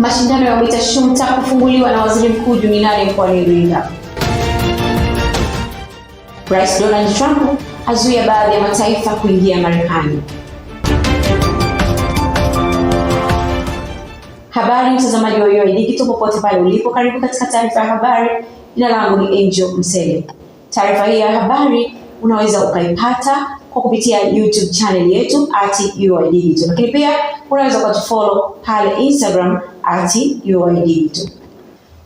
mashindano ya mita shumta kufunguliwa na waziri mkuu Juminane mkoani Iringa. Rais Donald Trump azuia baadhi ya mataifa kuingia Marekani. Habari mtazamaji wa UoI Digital, popote pale ulipo, karibu katika taarifa ya habari. Jina langu ni Angel Msele. Taarifa hii ya habari unaweza ukaipata kwa kupitia YouTube channel yetu at UoI Digital, lakini pia unaweza kutufollow pale Instagram at UoI Digital.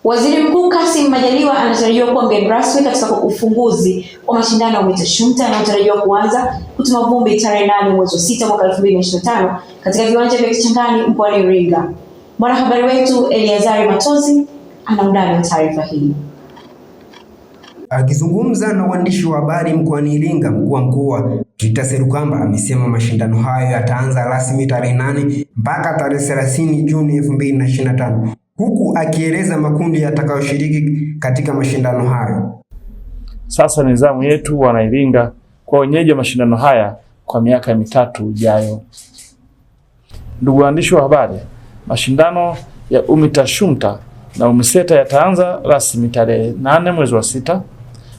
Waziri Mkuu Kassim Majaliwa anatarajiwa kuwa mgeni rasmi katika ufunguzi wa mashindano ya Mwita Shumta yanayotarajiwa kuanza kutuma vumbi tarehe nane mwezi wa sita mwaka 2025 katika viwanja vya Kichangani mkoani Iringa. Mwanahabari wetu Eliazari Matozi anaundani wa taarifa hii. Akizungumza na waandishi wa habari mkoani Iringa, mkuu wa mkoa Rita Serukamba amesema mashindano hayo yataanza rasmi tarehe nane mpaka tarehe 30 Juni 2025 huku akieleza makundi yatakayoshiriki katika mashindano hayo. Sasa nizamu yetu wanailinga kwa wenyeji wa mashindano haya kwa miaka mitatu ijayo. Ndugu waandishi wa habari, mashindano ya UMITA UMITASHUMTA na UMISETA yataanza rasmi tarehe nane mwezi wa sita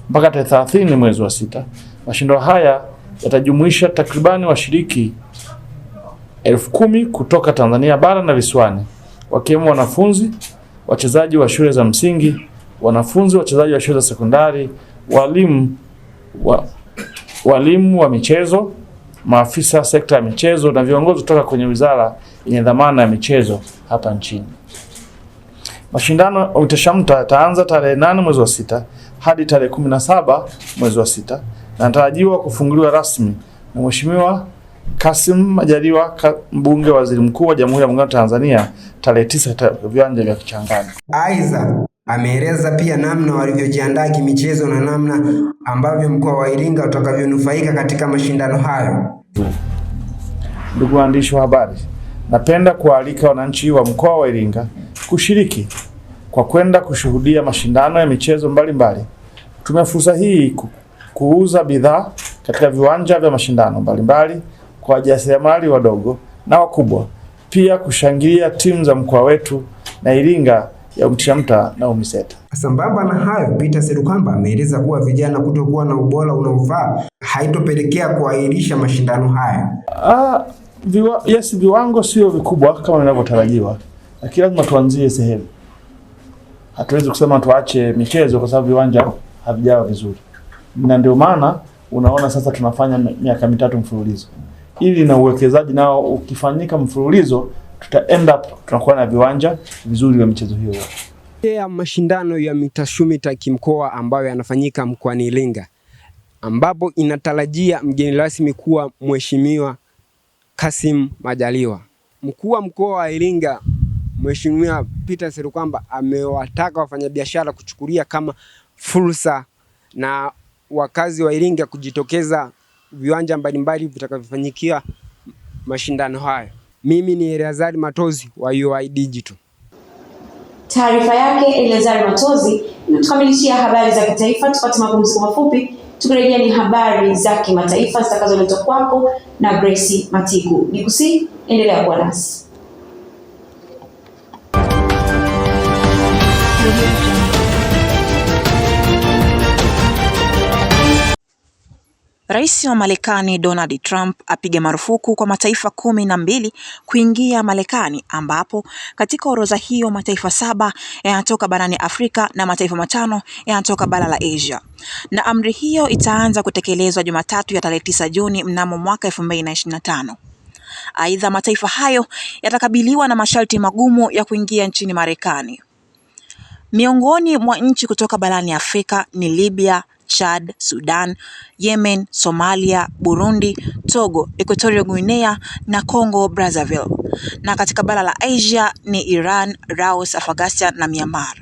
mpaka tarehe 30 mwezi wa sita. Mashindano haya yatajumuisha takribani washiriki elfu kumi kutoka Tanzania bara na visiwani, wakiwemo wanafunzi, wachezaji wa shule za msingi, wanafunzi, wachezaji wa shule za sekondari, walimu wa, walimu wa michezo, maafisa sekta ya michezo na viongozi kutoka kwenye wizara yenye dhamana ya michezo hapa nchini. Mashindano ya yataanza tarehe 8 mwezi wa sita hadi tarehe 17 mwezi wa sita Natarajiwa kufunguliwa rasmi na Mheshimiwa Kasim Majaliwa, mbunge wa waziri mkuu wa Jamhuri ya Muungano wa Tanzania tarehe tisa katika viwanja vya Kichangani. Aidha, ameeleza pia namna walivyojiandaa kimichezo na namna ambavyo mkoa wa Iringa utakavyonufaika katika mashindano hayo. Ndugu waandishi wa habari, napenda kuwaalika wananchi wa mkoa wa Iringa kushiriki kwa kwenda kushuhudia mashindano ya michezo mbalimbali. Tumia fursa hii kuuza bidhaa katika viwanja vya mashindano mbalimbali kwa wajasiriamali wadogo na wakubwa, pia kushangilia timu za mkoa wetu na Iringa ya Mtiamta na UMISETA. Sambamba na hayo, Peter Serukamba ameeleza kuwa vijana kutokuwa na ubora unaofaa haitopelekea kuahirisha mashindano haya. Ah, viwa, yes, viwango sio vikubwa kama vinavyotarajiwa, lakini lazima tuanzie sehemu. Hatuwezi kusema tuache michezo kwa sababu viwanja havijawa vizuri na ndio maana unaona sasa tunafanya miaka mitatu mfululizo, ili na uwekezaji nao ukifanyika mfululizo tuta end up tunakuwa na viwanja vizuri vya michezo hiyo. Ya mashindano ya mitashumita kimkoa ambayo yanafanyika mkoani Iringa, ambapo inatarajia mgeni rasmi kuwa Mheshimiwa Kasim Majaliwa. Mkuu wa mkoa wa Iringa Mheshimiwa Peter Serukamba amewataka wafanyabiashara kuchukulia kama fursa na wakazi wa Iringa kujitokeza viwanja mbalimbali vitakavyofanyikia mashindano hayo Mimi ni Eleazari Matozi wa UoI Digital. Taarifa yake Eleazari Matozi inatukamilishia habari za kitaifa. Tupate mapumziko mafupi, tukirejea ni habari za kimataifa zitakazoletwa kwako na Grace Matiku. Nikusi, endelea kuwa nasi. Rais wa Marekani Donald Trump apiga marufuku kwa mataifa kumi na mbili kuingia Marekani ambapo katika orodha hiyo mataifa saba yanatoka barani Afrika na mataifa matano yanatoka bara la Asia. Na amri hiyo itaanza kutekelezwa Jumatatu ya tarehe tisa Juni mnamo mwaka elfu mbili na ishirini na tano. Aidha, mataifa hayo yatakabiliwa na masharti magumu ya kuingia nchini Marekani. Miongoni mwa nchi kutoka barani Afrika ni Libya, Chad, Sudan, Yemen, Somalia, Burundi, Togo, Equatorial Guinea na Congo Brazzaville. Na katika bara la Asia ni Iran, Laos, Afghanistan na Myanmar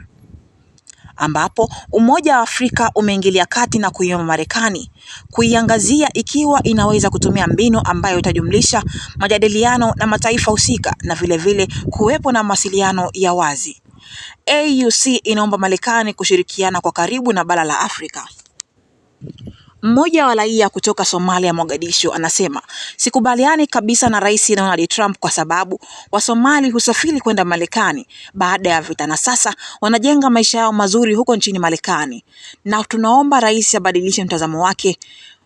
ambapo Umoja wa Afrika umeingilia kati na kuiomba Marekani kuiangazia ikiwa inaweza kutumia mbinu ambayo itajumlisha majadiliano na mataifa husika na vilevile kuwepo na mawasiliano ya wazi. AUC inaomba Marekani kushirikiana kwa karibu na bara la Afrika. Mmoja wa raia kutoka Somalia Mogadishu anasema sikubaliani kabisa na Rais Donald Trump kwa sababu Wasomali husafiri kwenda Marekani baada ya vita na sasa wanajenga maisha yao mazuri huko nchini Marekani, na tunaomba rais abadilishe mtazamo wake,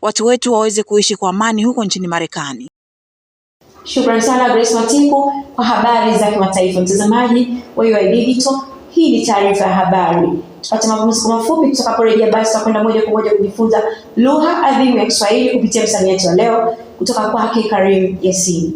watu wetu waweze kuishi kwa amani huko nchini Marekani. Shukrani sana Grace Watiku kwa habari za kimataifa. Mtazamaji wa UoI Digital hii ni taarifa ya habari. Tupate mapumziko mafupi, tutakaporejea basi tutakwenda moja kwa moja kujifunza lugha adhimu ya Kiswahili kupitia msamiati wa leo kutoka kwake Karim Yasin.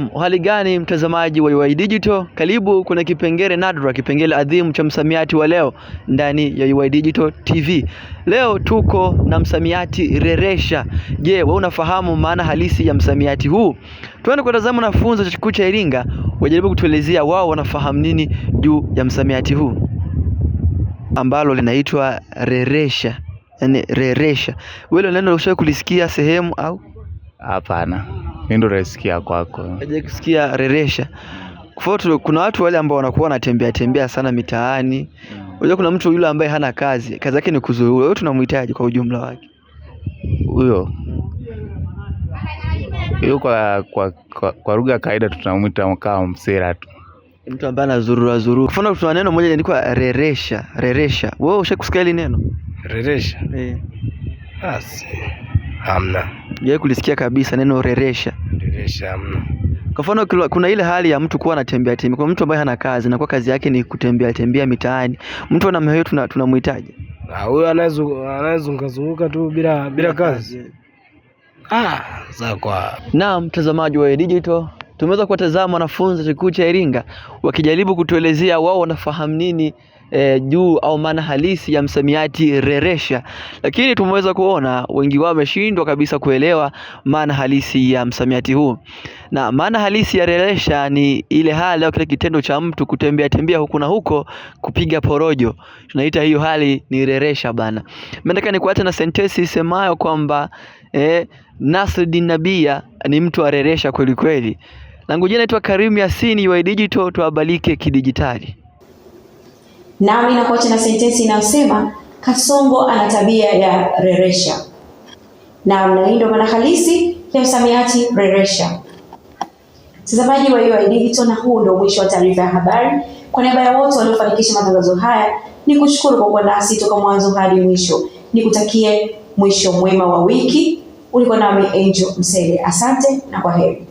Naam, hali gani mtazamaji wa UoI Digital? Karibu, kuna kipengele nadra, kipengele adhimu cha msamiati wa leo ndani ya UoI Digital TV. Leo tuko na msamiati reresha. Je, wewe unafahamu maana halisi ya msamiati huu? Tuende kutazama wanafunzi wa chuo cha Iringa wajaribu kutuelezea wao wanafahamu nini juu ya msamiati huu ambalo linaitwa reresha. Yaani reresha. Wewe neno ushawahi kulisikia sehemu au? Hapana. Hii ndio naisikia kwako. kusikia reresha. Kwa kuna watu wale ambao wanakuwa wanatembea tembea sana mitaani. Unajua kuna mtu yule ambaye hana kazi, kazi yake ni kuzurura. Wewe tunamhitaji kwa ujumla wake. Huyo hiyo kwa kwa, kwa, kwa lugha ya kawaida tunamwita kama msera tu. Mtu ambaye anazurura zurura. Kwa mfano tuna neno moja linaitwa reresha, reresha. Wewe ushakusikia hili neno? Reresha. Eh. Asi. Ah, Hamna. Je, kulisikia kabisa neno reresha? inaniridhisha mno. Kwa mfano kuna ile hali ya mtu kuwa anatembea tembea. Kuna mtu ambaye hana kazi na kwa kazi yake ni kutembea tembea mitaani, mtu ana namna hiyo tuna tunamhitaji huyo anayezunguka tu bila bila kazi. Ah, sawa. Naam, mtazamaji wa Digital tumeweza kuwatazama wanafunzi chuo kikuu cha Iringa wakijaribu kutuelezea wao wanafahamu nini E, juu au maana halisi ya msamiati reresha, lakini tumeweza kuona wengi wao wameshindwa kabisa kuelewa maana halisi ya msamiati huu. Na maana halisi ya reresha ni ile hali au kile kitendo cha mtu kutembea tembea huku na huko, kupiga porojo, tunaita hiyo hali ni reresha bana. Nataka nikuache na sentensi isemayo kwamba e, Nasruddin Nabia ni mtu areresha kweli kweli. Langu jina naitwa Karim Yasin wa Digital, tuabalike kidijitali. Nami nakuacha na sentensi inayosema Kasongo ana tabia ya reresha. Naam, hii ndio maana halisi ya msamiati reresha. Mtazamaji wa UoI Digital, na huu ndio mwisho wa taarifa ya habari. Kwa niaba ya wote waliofanikisha matangazo haya, ni kushukuru kwa kuwa nasi toka mwanzo hadi mwisho. Nikutakie mwisho mwema wa wiki. Ulikuwa nami Angel Msele, asante na kwa heri.